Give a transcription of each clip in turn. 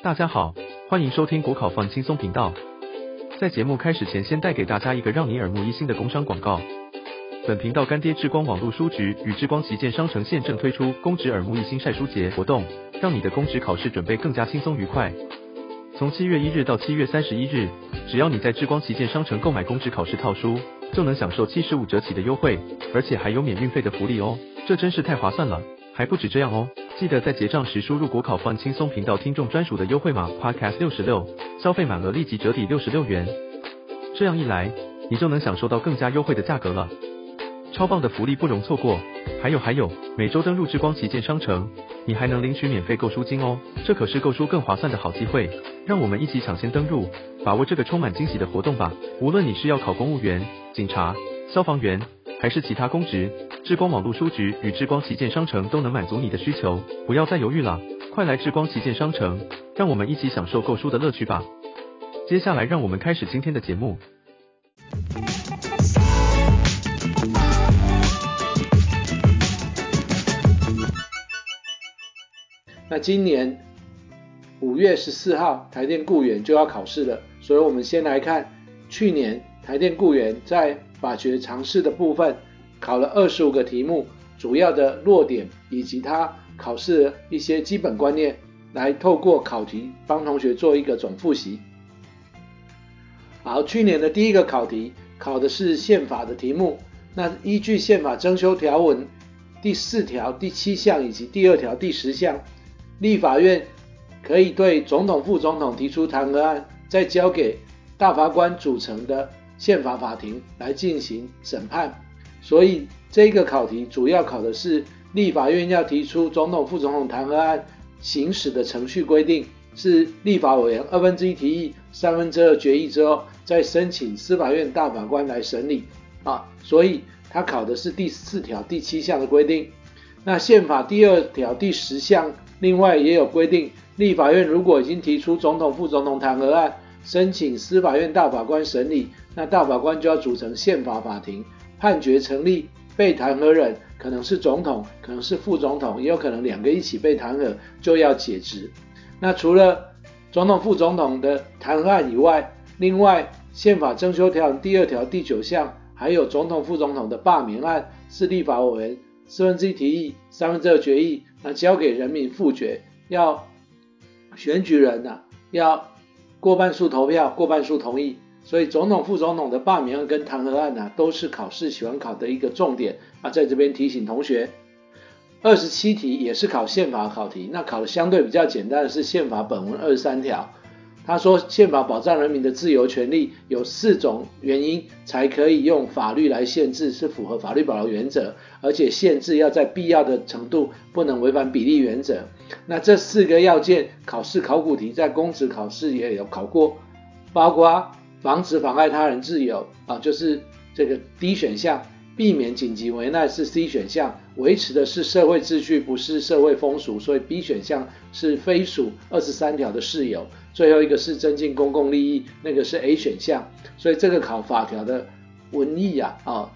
大家好，歡迎收聽國考放輕鬆頻道。在節目開始前，先帶給大家一個讓你耳目一新的工商廣告。本頻道乾爹志光網絡書局與志光旗艦商城現正推出公職耳目一新曬書節活動，讓你的公職考試準備更加輕鬆愉快。從七月一日到七月三十一日，只要你在志光旗艦商城購買公職考試套書，就能享受七十五折起的優惠，而且還有免運費的福利哦，這真是太划算了！還不止這樣哦。記得在結賬時輸入國考 FUN 輕鬆頻道聽眾專屬的優惠碼 Podcast 六十六，消費滿額立即折抵六十六元。這樣一來，你就能享受到更加優惠的價格了。超棒的福利不容錯過！還有還有，每周登錄志光旗艦商城，你還能領取免費購書金哦，這可是購書更划算的好機會。讓我們一起搶先登錄，把握這個充滿驚喜的活動吧！無論你是要考公務員、警察、消防員。還是其他公職，志光網絡書局與志光旗艦商城都能滿足你的需求，不要再猶豫了，快來志光旗艦商城，讓我們一起享受購書的樂趣吧。接下來讓我們開始今天的節目。那今年五月十四號台電雇員就要考試了，所以我們先來看去年台電雇員在。法學常識的部分考了二十五個題目，主要的弱點以及它考試一些基本觀念，來透過考題幫同學做一個總複習。好，去年的第一個考題考的是憲法的題目，那依據憲法增修條文第四條第七項以及第二條第十項，立法院可以對總統、副總統提出彈劾案，再交給大法官組成的憲法法庭來進行審判，所以這個考題主要考的是立法院要提出總統、副總統彈劾案，行使的程序規定是立法委員二分之一提議、三分之二決議之後，再申請司法院大法官來審理啊。所以它考的是第四條第七項的規定。那憲法第二條第十項另外也有規定，立法院如果已經提出總統、副總統彈劾案，申請司法院大法官審理。那大法官就要組成憲法法庭，判決成立被彈劾人，可能是總統，可能是副總統，也有可能兩個一起被彈劾，就要解職。那除了總統、副總統的彈劾案以外，另外憲法增修條文第二條第九項，還有總統、副總統的罷免案，是立法委員四分之一提議，三分之二決議，那交給人民複決，要選舉人呢、啊，要過半數投票，過半數同意。所以總統、副總統的罷免案跟彈劾案呢、啊，都是考試喜歡考的一個重點啊。在這邊提醒同學，二十七題也是考憲法考題，那考的相對比較簡單的是憲法本文二十三條。它說，憲法保障人民的自由權利，有四種原因才可以用法律來限制，是符合法律保留原則，而且限制要在必要的程度，不能違反比例原則。那這四個要件，考試考古題在公職考試也有考過，包括。防止妨礙他人自由啊，就是這個 D 選項；避免緊急危難是 C 選項；維持的是社會秩序，不是社會風俗，所以 B 選項是非屬二十三條的事由。最後一個是增進公共利益，那個是 A 選項。所以這個考法條的文義啊，啊，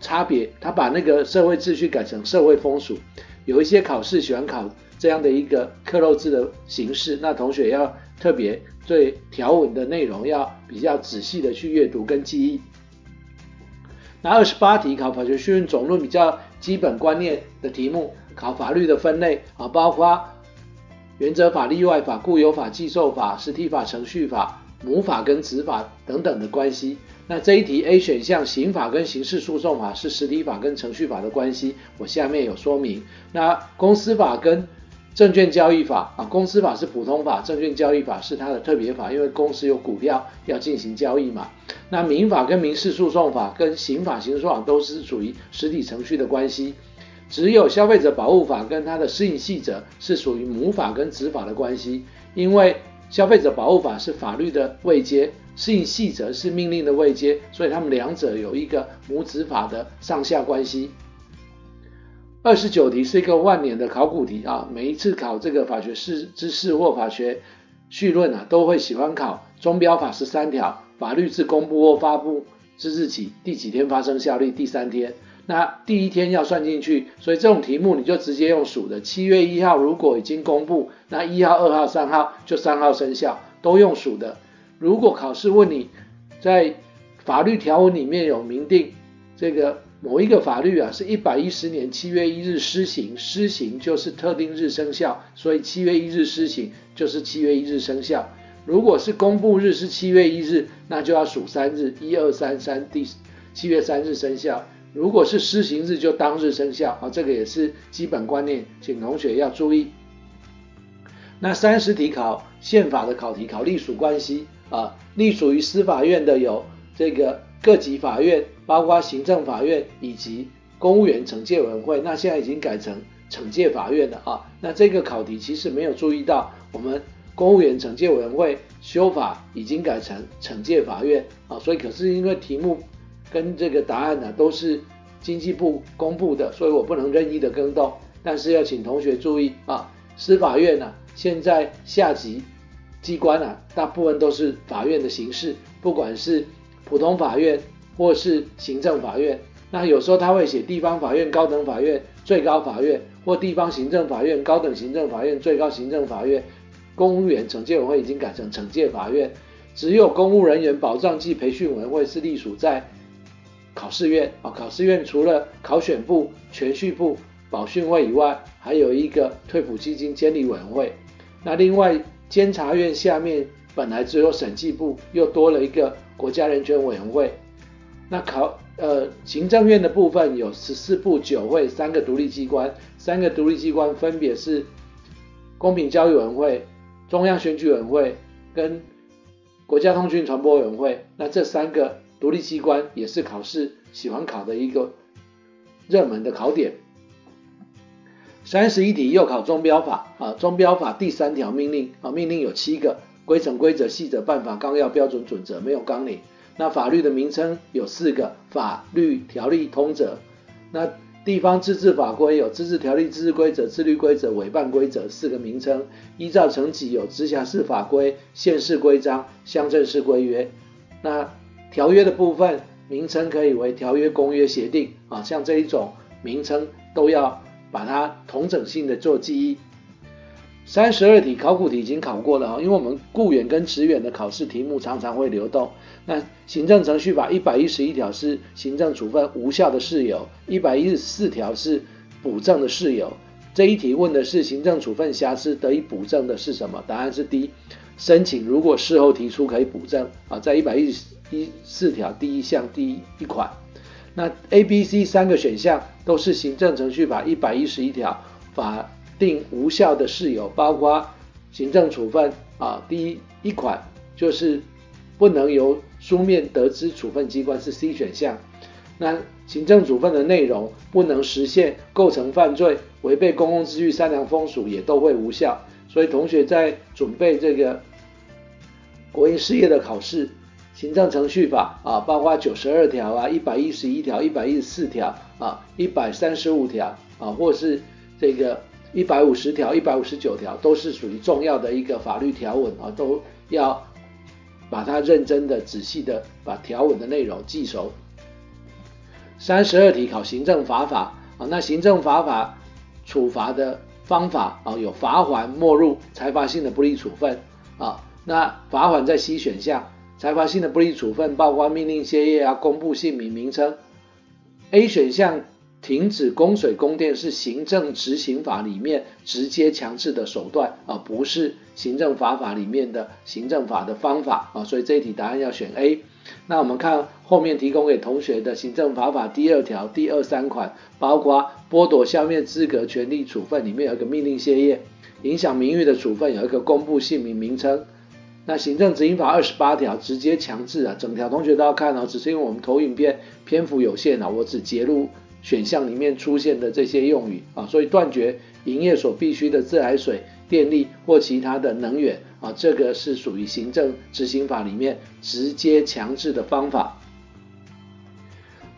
差別，他把那個社會秩序改成社會風俗。有一些考試喜歡考這樣的一個克漏字的形式，那同學要特別。所以條文的內容要比較仔細的去閱讀跟記憶。那二十八題考法學緒論總論比較基本觀念的題目，考法律的分類啊，包括原則法、例外法、固有法、繼受法、實體法、程序法、母法跟子法等等的關係。那這一題 A 選項，刑法跟刑事訴訟法是實體法跟程序法的關係，我下面有說明。那公司法跟證券交易法啊，公司法是普通法，證券交易法是它的特別法，因為公司有股票要進行交易嘛。那民法跟民事訴訟法跟刑法、刑事訴訟法都是屬於實體程序的關係，只有消費者保護法跟它的適應細則是屬於母法跟子法的關係，因為消費者保護法是法律的位階，適應細則是命令的位階，所以他們兩者有一個母子法的上下關係。二十九題是一個萬年的考古題啊！每一次考這個法學知知識或法學緒論啊，都會喜歡考《中標法》十三條，法律自公布或發布之日起第幾天發生效力？第三天。那第一天要算進去，所以這種題目你就直接用數的。七月一號如果已經公布，那一號、二號、三號就三號生效，都用數的。如果考試問你在法律條文裡面有明定這個。某一個法律啊，是一百一十年七月一日施行，施行就是特定日生效，所以七月一日施行就是七月一日生效。如果是公布日是七月一日，那就要數三日，一二三三，第七月三日生效。如果是施行日就當日生效啊，這個也是基本觀念，請同學要注意。那三十題考憲法的考題考隸屬關係啊，隸屬於司法院的有這個。各級法院，包括行政法院以及公務員懲戒委員會，那現在已經改成懲戒法院了啊。那這個考題其實沒有注意到，我們公務員懲戒委員會修法已經改成懲戒法院啊。所以可是因為題目跟這個答案呢、啊、都是經濟部公布的，所以我不能任意的更動。但是要請同學注意啊，司法院呢、啊、現在下級機關啊大部分都是法院的形式，不管是。普通法院或是行政法院，那有時候他會寫地方法院、高等法院、最高法院或地方行政法院、高等行政法院、最高行政法院。公務員懲戒委員會已經改成懲戒法院，只有公務人員保障暨培訓委員會是隸屬在考試院啊。考試院除了考選部、銓敘部、保訓會以外，還有一個退撫基金監理委員會。那另外監察院下面，本來只有審計部，又多了一個國家人權委員會。那考呃行政院的部分有十四部九會三個獨立機關，三個獨立機關分別是公平交易委員會、中央選舉委員會跟國家通訊傳播委員會。那這三個獨立機關也是考試喜歡考的一個熱門的考點。三十一題又考中標法啊，中標法第三條命令啊，命令有七個。規程、規則、細則、辦法、綱要、標準、準則，沒有綱領。那法律的名稱有四個：法、律、條例、通則。那地方自治法規有自治條例、自治規則、自律規則、委辦規則四個名稱。依照層級有直轄市法規、縣市規章、鄉鎮市規約。那條約的部分名稱可以為條約、公約、協定啊，像這一種名稱都要把它統整性的做記憶。三十二題考古題已經考過了哈，因為我們雇員跟職員的考試題目常常會流動。那行政程序法一百一十一條是行政處分無效的事由，一百一十四條是補正的事由。這一題問的是行政處分瑕疵得以補正的是什麼？答案是 D，申請如果事後提出可以補正啊，在一百一十四條第一項第一款。那 A、B、C 三個選項都是行政程序法一百一十一條法。把定無效的事由包括行政處分啊，第一一款就是不能由書面得知處分機關，是 C 選項。那行政處分的內容不能實現、構成犯罪、違背公共秩序、善良風俗也都會無效。所以同學在準備這個國營事業的考試，行政程序法啊，包括九十二條啊、一百一十一條、一百一十四條啊、一百三十五條啊，或是這個。一百五十條、一百五十九條都是屬於重要的一個法律條文啊，都要把它認真的、仔細的把條文的內容記熟。三十二題考行政罰法啊，那行政罰法處罰的方法啊，有罰款、沒入、裁罰性的不利處分啊。那罰款在 C 選項，裁罰性的不利處分包括命令歇業啊、公布姓名名稱。A 選項。停止供水供電是行政執行法裡面直接強制的手段啊，不是行政罰法裡面的行政法的方法啊，所以這一題答案要選 A。那我們看後面提供給同學的行政罰法第二條第二三款，包括剝奪消滅資格權利處分裡面有一個命令歇業，影響名譽的處分有一個公布姓名名稱。那行政執行法二十八條直接強制啊，整條同學都要看哦，只是因為我們投影片篇幅有限了，啊，我只截錄。選項裡面出現的這些用語啊，所以斷絕營業所必須的自來水、電力或其他的能源啊，這個是屬於行政執行法裡面直接強制的方法。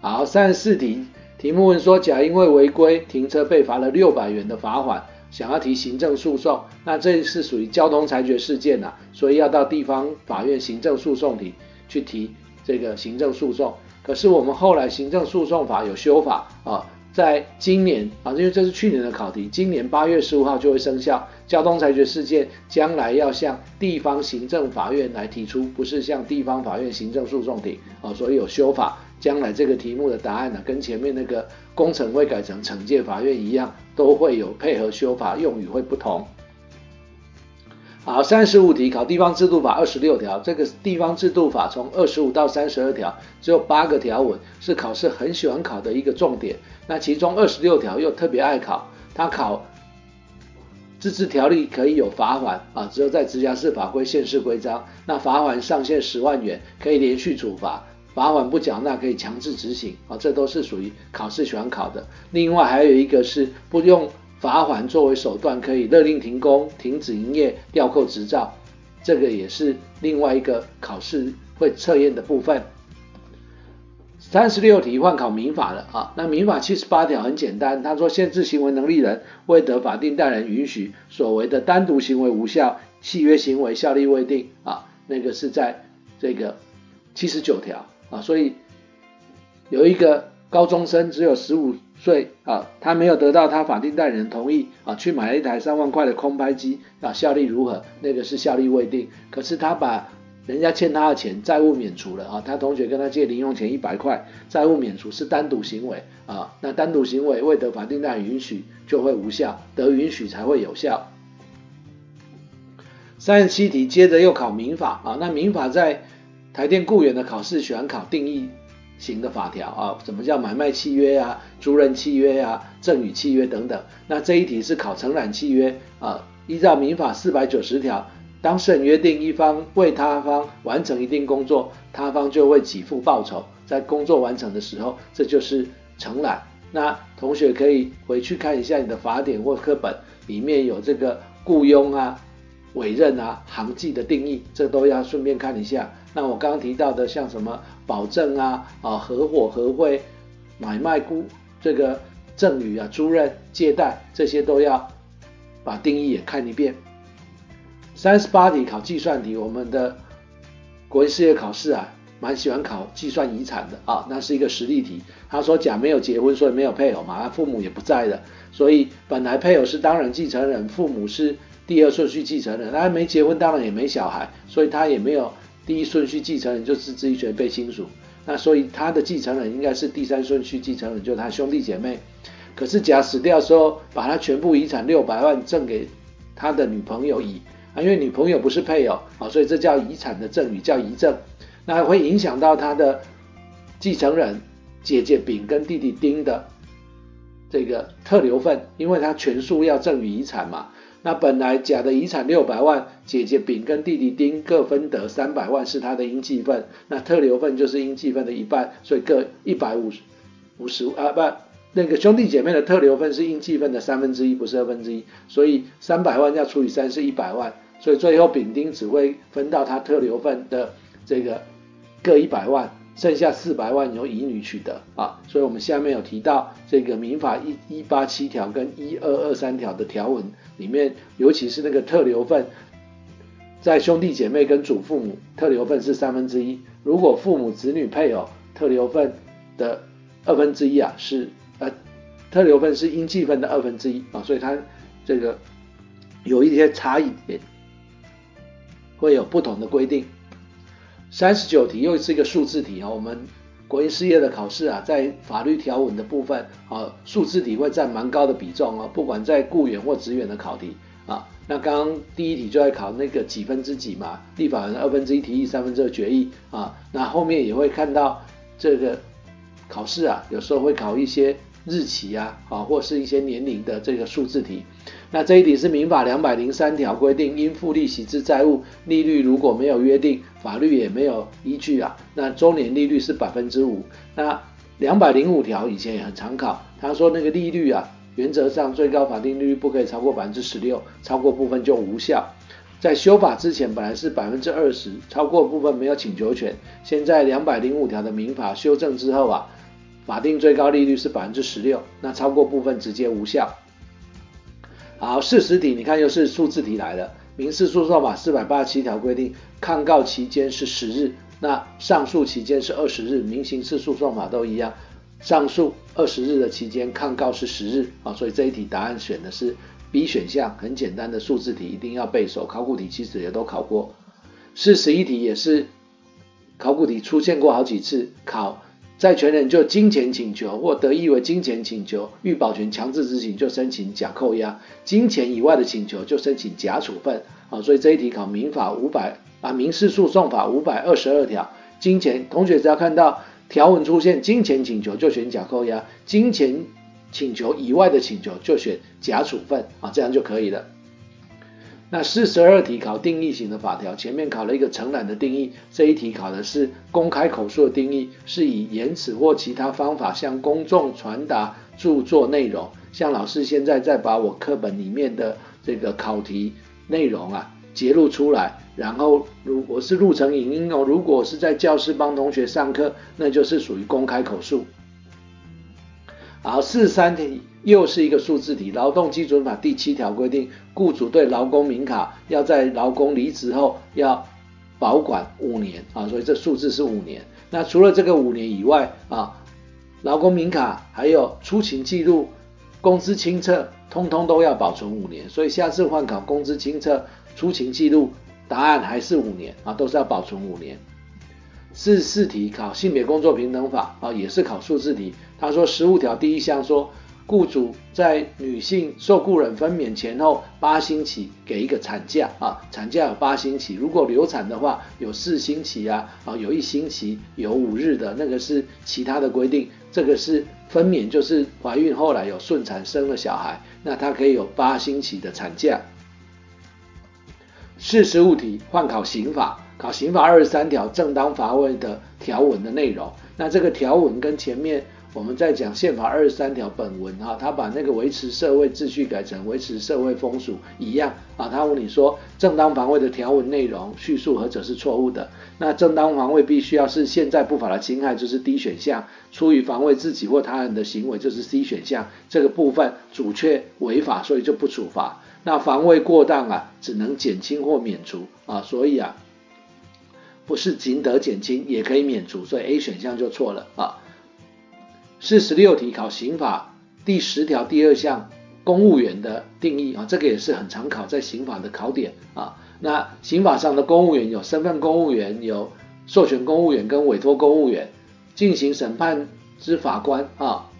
好，三十四題題目問說，甲因為違規停車被罰了六百元的罰款，想要提行政訴訟，那這是屬於交通裁決事件吶、啊，所以要到地方法院行政訴訟庭去提這個行政訴訟。可是我們後來行政訴訟法有修法啊，在今年啊，因為這是去年的考題，今年八月十五號就會生效，交通裁決事件將來要向地方行政法院來提出，不是向地方法院行政訴訟庭啊，所以有修法，將來這個題目的答案呢，啊，跟前面那個工程會改成懲戒法院一樣，都會有配合修法，用語會不同。好，三十五題考地方制度法二十六條。這個地方制度法從二十五到三十二條，只有八個條文是考試很喜歡考的一個重點。那其中二十六條又特別愛考，它考自治條例可以有罰款啊，只有在直轄市法規、縣市規章，那罰款上限十萬元，可以連續處罰，罰款不繳納可以強制執行啊，這都是屬於考試喜歡考的。另外還有一個是不用。罰款作為手段可以勒令停工、停止營業、吊扣執照，這個也是另外一個考試會測驗的部分。三十六題換考民法了啊，那民法七十八條很簡單，他說限制行為能力人未得法定代理人允許所為的單獨行為無效，契約行為效力未定啊，那個是在這個七十九條啊，所以有一個。高中生只有十五歲啊，他沒有得到他法定代理人同意啊，去買了一台三萬塊的空拍機啊，效力如何？那個是效力未定。可是他把人家欠他的錢債務免除了啊，他同學跟他借零用錢一百塊，債務免除是單獨行為啊，那單獨行為未得法定代理人允許就會無效，得允許才會有效。三十七題接着又考民法啊，那民法在台電雇員的考試喜歡考定義。型的法條啊，什麼叫買賣契約啊，租賃契約啊，贈與契約等等。那這一題是考承攬契約啊、呃，依照民法四百九十條，當事人約定一方為他方完成一定工作，他方就會給付報酬，在工作完成的時候，這就是承攬。那同學可以回去看一下你的法典或課本，裡面有這個雇傭啊、委任啊、行紀的定義，這都要順便看一下。那我剛剛提到的，像什麼保證啊、啊合夥合會、買賣估、這個贈與啊、租賃、借貸，這些都要把定義也看一遍。三十八題考計算題，我們的國營事業考試啊，蠻喜歡考計算遺產的啊，那是一個實例題。他說，甲沒有結婚，所以沒有配偶嘛，他父母也不在的，所以本來配偶是當然繼承人，父母是第二順序繼承人，他沒結婚，當然也沒小孩，所以他也沒有。第一順序繼承人就是直系血親卑親屬，那所以他的繼承人應該是第三順序繼承人，就是他兄弟姐妹。可是甲死掉的時候，把他全部遺產六百萬贈給他的女朋友乙，啊，因為女朋友不是配偶啊，所以這叫遺產的贈與，叫遺贈。那還會影響到他的繼承人姐姐丙跟弟弟丁的這個特留份，因為他全數要贈與遺產嘛。那本來甲的遺產六百萬，姐姐丙跟弟弟丁各分得三百萬是他的應繼分，那特留分就是應繼分的一半，所以各一百五十五十啊不，那個兄弟姐妹的特留分是應繼分的三分之一，不是二分之一，所以三百萬要除以三是一百萬，所以最後丙丁只會分到他特留分的這個各一百萬。剩下四百萬由乙女取得啊，所以我們下面有提到這個民法一一八七條跟一二二三條的條文裡面，尤其是那個特留份，在兄弟姐妹跟祖父母，特留份是三分之一；如果父母、子女、配偶，特留份的二分之一啊，是呃，特留份是應繼分的二分之一啊，所以它這個有一些差異，會有不同的規定。三十九題又是一個數字題啊，我們國營事業的考試啊，在法律條文的部分啊，數字題會佔蠻高的比重啊，不管在僱員或職員的考題啊，那剛剛第一題就在考那個幾分之幾嘛，立法人二分之一提議，三分之二決議啊，那後面也會看到這個考試啊，有時候會考一些。日期啊，啊或是一些年齡的這個數字題，那這一題是民法兩百零三條規定，應付利息之債務利率如果沒有約定，法律也沒有依據啊。那周年利率是百分之五。那兩百零五條以前也很常考，他說那個利率啊，原則上最高法定利率不可以超過百分之十六，超過部分就無效。在修法之前，本來是百分之二十，超過部分沒有請求權。現在兩百零五條的民法修正之後啊。法定最高利率是百分之十六，那超過部分直接無效。好，四十題，你看又是數字題來了。民事訴訟法四百八十七條規定，抗告期間是十日，那上訴期間是二十日，民刑事訴訟法都一樣，上訴二十日的期間，抗告是十日啊，所以這一題答案選的是 B 選項，很簡單的數字題，一定要背熟。考古題其實也都考過。四十一題也是考古題出現過好幾次，考。債權人就金錢請求或得易為金錢請求欲保全強制執行，就申請假扣押；金錢以外的請求就申請假處分。啊，所以這一題考民法五百啊，民事訴訟法五百二十二條金錢。同學只要看到條文出現金錢請求就選假扣押，金錢請求以外的請求就選假處分。啊，這樣就可以了。那四十二題考定義型的法條，前面考了一個承攬的定義，這一題考的是公開口述的定義，是以言詞或其他方法向公眾傳達著作內容。像老師現在在把我課本裡面的這個考題內容啊，揭露出來，然後如果我是錄成影音哦，如果是在教室幫同學上課，那就是屬於公開口述。好，四十三題。又是一個數字題，《勞動基準法》第七條規定，雇主對勞工名卡要在勞工離職後要保管五年啊，所以這數字是五年。那除了這個五年以外啊，勞工名卡還有出勤記錄、工資清冊，通通都要保存五年。所以下次換考工資清冊、出勤記錄，答案還是五年啊，都是要保存五年。四四題考性別工作平等法啊，也是考數字題。他說十五條第一項說。雇主在女性受雇人分娩前後八星期給一個產假啊，產假有八星期。如果流產的話，有四星期啊，啊有一星期有五日的那個是其他的規定，這個是分娩就是懷孕後來有順產生了小孩，那它可以有八星期的產假。四十五題，換考刑法，考刑法二十三條正當防衛的條文的內容。那這個條文跟前面。我們在講憲法二十三條本文啊，他把那個維持社會秩序改成維持社會風俗一樣啊。他問你說，正當防衛的條文內容敘述何者是錯誤的？那正當防衛必須要是現在不法的侵害，就是 D 選項。出於防衛自己或他人的行為，就是 C 選項。這個部分阻卻違法，所以就不處罰。那防衛過當啊，只能減輕或免除啊，所以啊，不是僅得減輕，也可以免除，所以 A 選項就錯了啊。四十六題考刑法第十條第二項公務員的定義啊，這個也是很常考在刑法的考點啊。那刑法上的公務員有身份公務員、有授權公務員跟委托公務員。進行審判之法官啊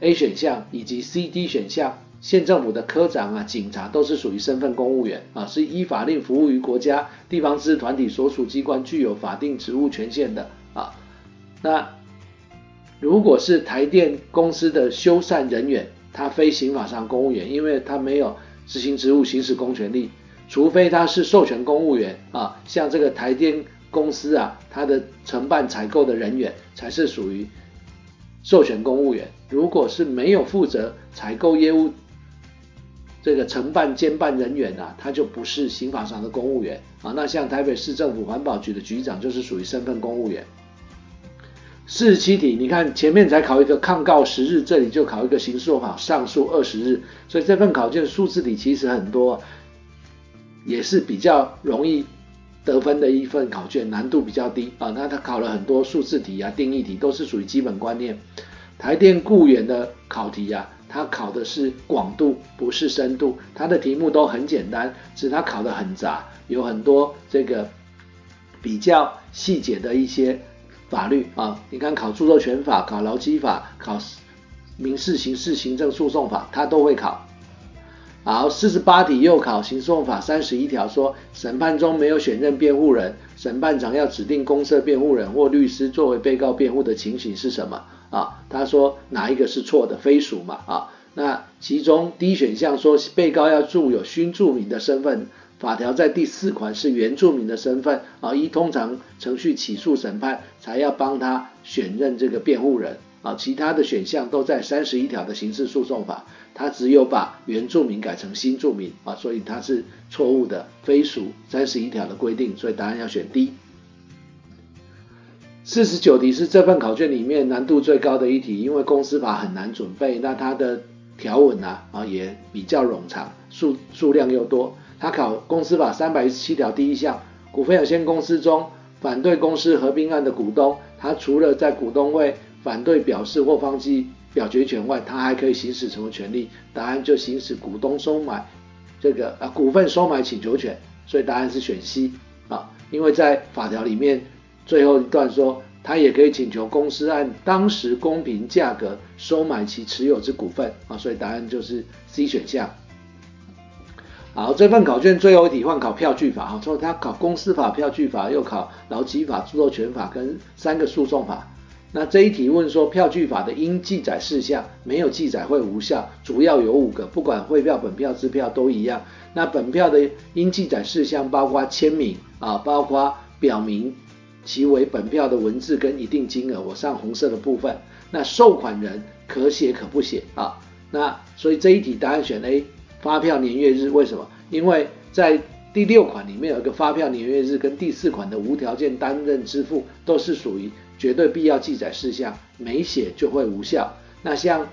，A 選項以及 C、D 選項，縣政府的科長啊、警察都是屬於身份公務員啊，是依法令服務於國家、地方自治團體所屬機關，具有法定職務權限的啊。那如果是台電公司的修繕人員，他非刑法上公務員，因為他沒有執行職務、行使公權力。除非他是授權公務員啊，像這個台電公司啊，他的承辦採購的人員才是屬於授權公務員。如果是沒有負責採購業務這個承辦監辦人員啊，他就不是刑法上的公務員啊。那像台北市政府環保局的局長就是屬於身份公務員。四十七題，你看前面才考一個抗告十日，這裡就考一個刑事訴訟法上訴二十日，所以這份考卷數字題其實很多，也是比較容易得分的一份考卷，難度比較低啊。那、呃、它考了很多數字題啊、定義題，都是屬於基本觀念。台電雇員的考題啊，它考的是廣度，不是深度，它的題目都很簡單，只是它考的很雜，有很多這個比較細節的一些。法律啊，你看考著作權法、考勞基法、考民事、刑事、行政訴訟法，它都會考。好，四十八題又考刑訴訟法三十一條，說審判中沒有選任辯護人，審判長要指定公設辯護人或律師作為被告辯護的情形是什麼啊？他說哪一個是錯的？非屬嘛啊？那其中 D 選項說被告要具有新住民的身份。法條在第四款是原住民的身份啊，依通常程序起訴審判才要幫他選任這個辯護人啊，其他的選項都在三十一條的刑事訴訟法，他只有把原住民改成新住民啊，所以他是錯誤的，非屬三十一條的規定，所以答案要選 D。四十九題是這份考卷裡面難度最高的一題，因為公司法很難準備，那它的條文呢啊也比較冗長，數數量又多。他考公司法三百一十七條第一項，股份有限公司中反對公司合併案的股東，他除了在股東會反對表示或放棄表決權外，他還可以行使什麼權利？答案就行使股東收買這個啊股份收買請求權。所以答案是選 C 啊，因為在法條裡面最後一段說，他也可以請求公司按當時公平價格收買其持有之股份啊，所以答案就是 C 選項。好，這份考卷最後一題換考票據法啊，所以它考公司法、票據法，又考勞基法、著作權法跟三個訴訟法。那這一題問說，票據法的應記載事項沒有記載會無效，主要有五個，不管匯票、本票、支票都一樣。那本票的應記載事項包括簽名啊，包括表明其為本票的文字跟一定金額，我上紅色的部分。那受款人可寫可不寫啊。那所以這一題答案選 A。發票年月日，為什麼？因為在第六款裡面有一個發票年月日，跟第四款的無條件擔任支付都是屬於絕對必要記載事項，沒寫就會無效。那像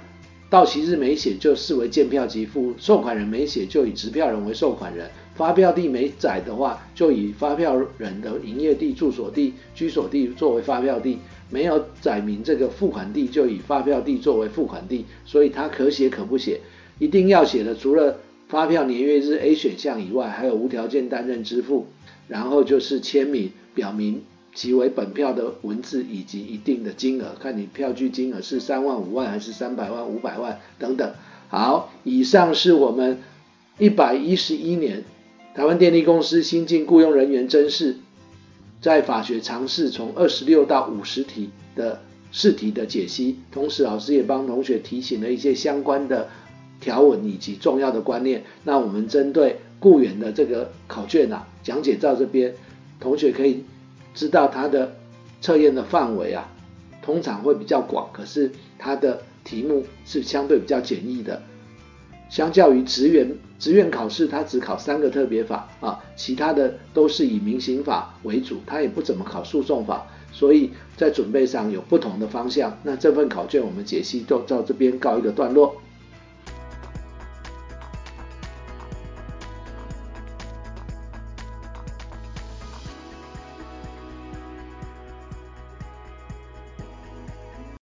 到期日沒寫就視為見票即付，收款人沒寫就以執票人為收款人，發票地沒載的話就以發票人的營業地、住所地、居所地作為發票地，沒有載明這個付款地就以發票地作為付款地，所以它可寫可不寫。一定要寫的除了發票年月日 A 選項以外，還有無條件擔任支付，然後就是簽名，表明其為本票的文字以及一定的金額，看你票據金額是三萬五萬還是三百萬五百萬等等。好，以上是我們一百一十一年台灣電力公司新進雇傭人員甄試在法學常識從二十六到五十題的試題的解析，同時老師也幫同學提醒了一些相關的。條文以及重要的觀念，那我們針對雇員的這個考卷啊，講解到這邊，同學可以知道他的測驗的範圍啊，通常會比較廣，可是他的題目是相對比較簡易的。相較於職員，職員考試他只考三個特別法啊，其他的都是以民刑法為主，他也不怎麼考訴訟法，所以在準備上有不同的方向。那這份考卷我們解析就到這邊告一個段落。